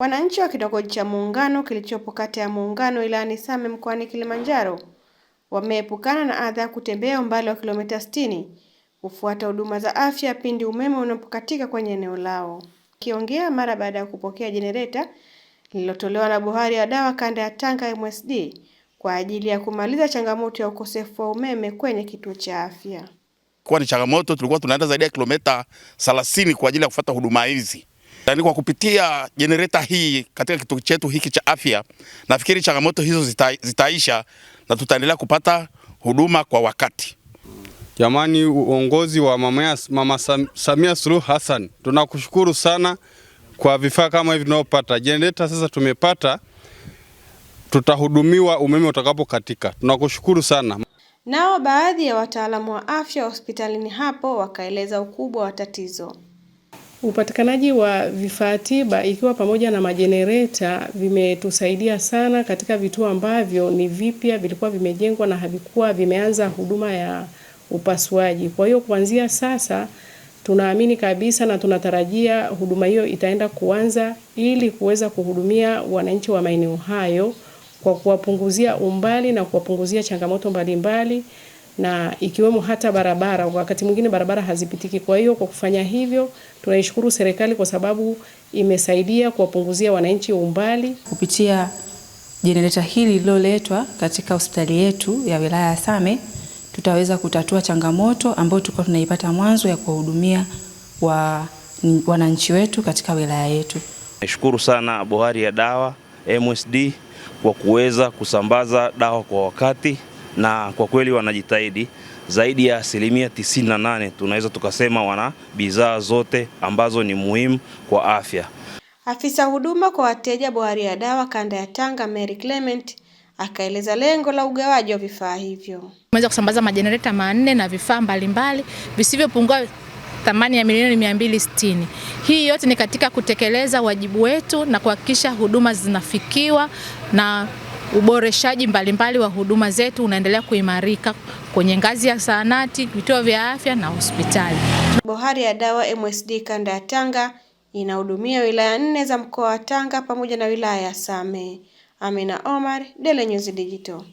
Wananchi wa kitongoji cha Muungano kilichopo kata ya Muungano wilayani Same mkoani Kilimanjaro wameepukana na adha ya kutembea umbali wa kilomita 60 kufuata huduma za afya pindi umeme unapokatika kwenye eneo lao. Akiongea mara baada ya kupokea jenereta lililotolewa na Bohari ya Dawa Kanda ya Tanga MSD kwa ajili ya kumaliza changamoto ya ukosefu wa umeme kwenye kituo cha afya. Kwa ni changamoto tulikuwa tunaenda zaidi ya kilomita 30 kwa ajili ya kufuata huduma hizi. Yaani kwa kupitia jenereta hii katika kituo chetu hiki cha afya, nafikiri changamoto hizo zita, zitaisha na tutaendelea kupata huduma kwa wakati. Jamani, uongozi wa mama, mama Sam, Samia Suluhu Hassan tunakushukuru sana kwa vifaa kama hivi tunaopata. Jenereta sasa tumepata, tutahudumiwa umeme utakapokatika. Tunakushukuru sana. Nao baadhi ya wataalamu wa afya hospitalini hapo wakaeleza ukubwa wa tatizo. Upatikanaji wa vifaa tiba ikiwa pamoja na majenereta vimetusaidia sana katika vituo ambavyo ni vipya, vilikuwa vimejengwa na havikuwa vimeanza huduma ya upasuaji. Kwa hiyo kuanzia sasa tunaamini kabisa na tunatarajia huduma hiyo itaenda kuanza ili kuweza kuhudumia wananchi wa maeneo hayo kwa kuwapunguzia umbali na kuwapunguzia changamoto mbalimbali na ikiwemo hata barabara. Wakati mwingine barabara hazipitiki. Kwa hiyo kwa kufanya hivyo, tunaishukuru serikali kwa sababu imesaidia kuwapunguzia wananchi umbali kupitia jenereta hili lililoletwa katika hospitali yetu ya wilaya ya Same. Tutaweza kutatua changamoto ambayo tulikuwa tunaipata mwanzo ya kuwahudumia wa wananchi wetu katika wilaya yetu. Nashukuru sana Bohari ya Dawa MSD kwa kuweza kusambaza dawa kwa wakati na kwa kweli wanajitahidi zaidi ya asilimia 98 tunaweza tukasema wana bidhaa zote ambazo ni muhimu kwa afya. Afisa huduma kwa wateja bohari ya dawa kanda ya Tanga Mary Clement akaeleza lengo la ugawaji wa vifaa hivyo. Tumeweza kusambaza majenereta manne na vifaa mbalimbali visivyopungua thamani ya milioni 260. Hii yote ni katika kutekeleza wajibu wetu na kuhakikisha huduma zinafikiwa na uboreshaji mbalimbali wa huduma zetu unaendelea kuimarika kwenye ngazi ya zahanati, vituo vya afya na hospitali. Bohari ya dawa MSD kanda ya Tanga inahudumia wilaya nne za mkoa wa Tanga pamoja na wilaya ya Same. Amina Omar, Daily News Digital.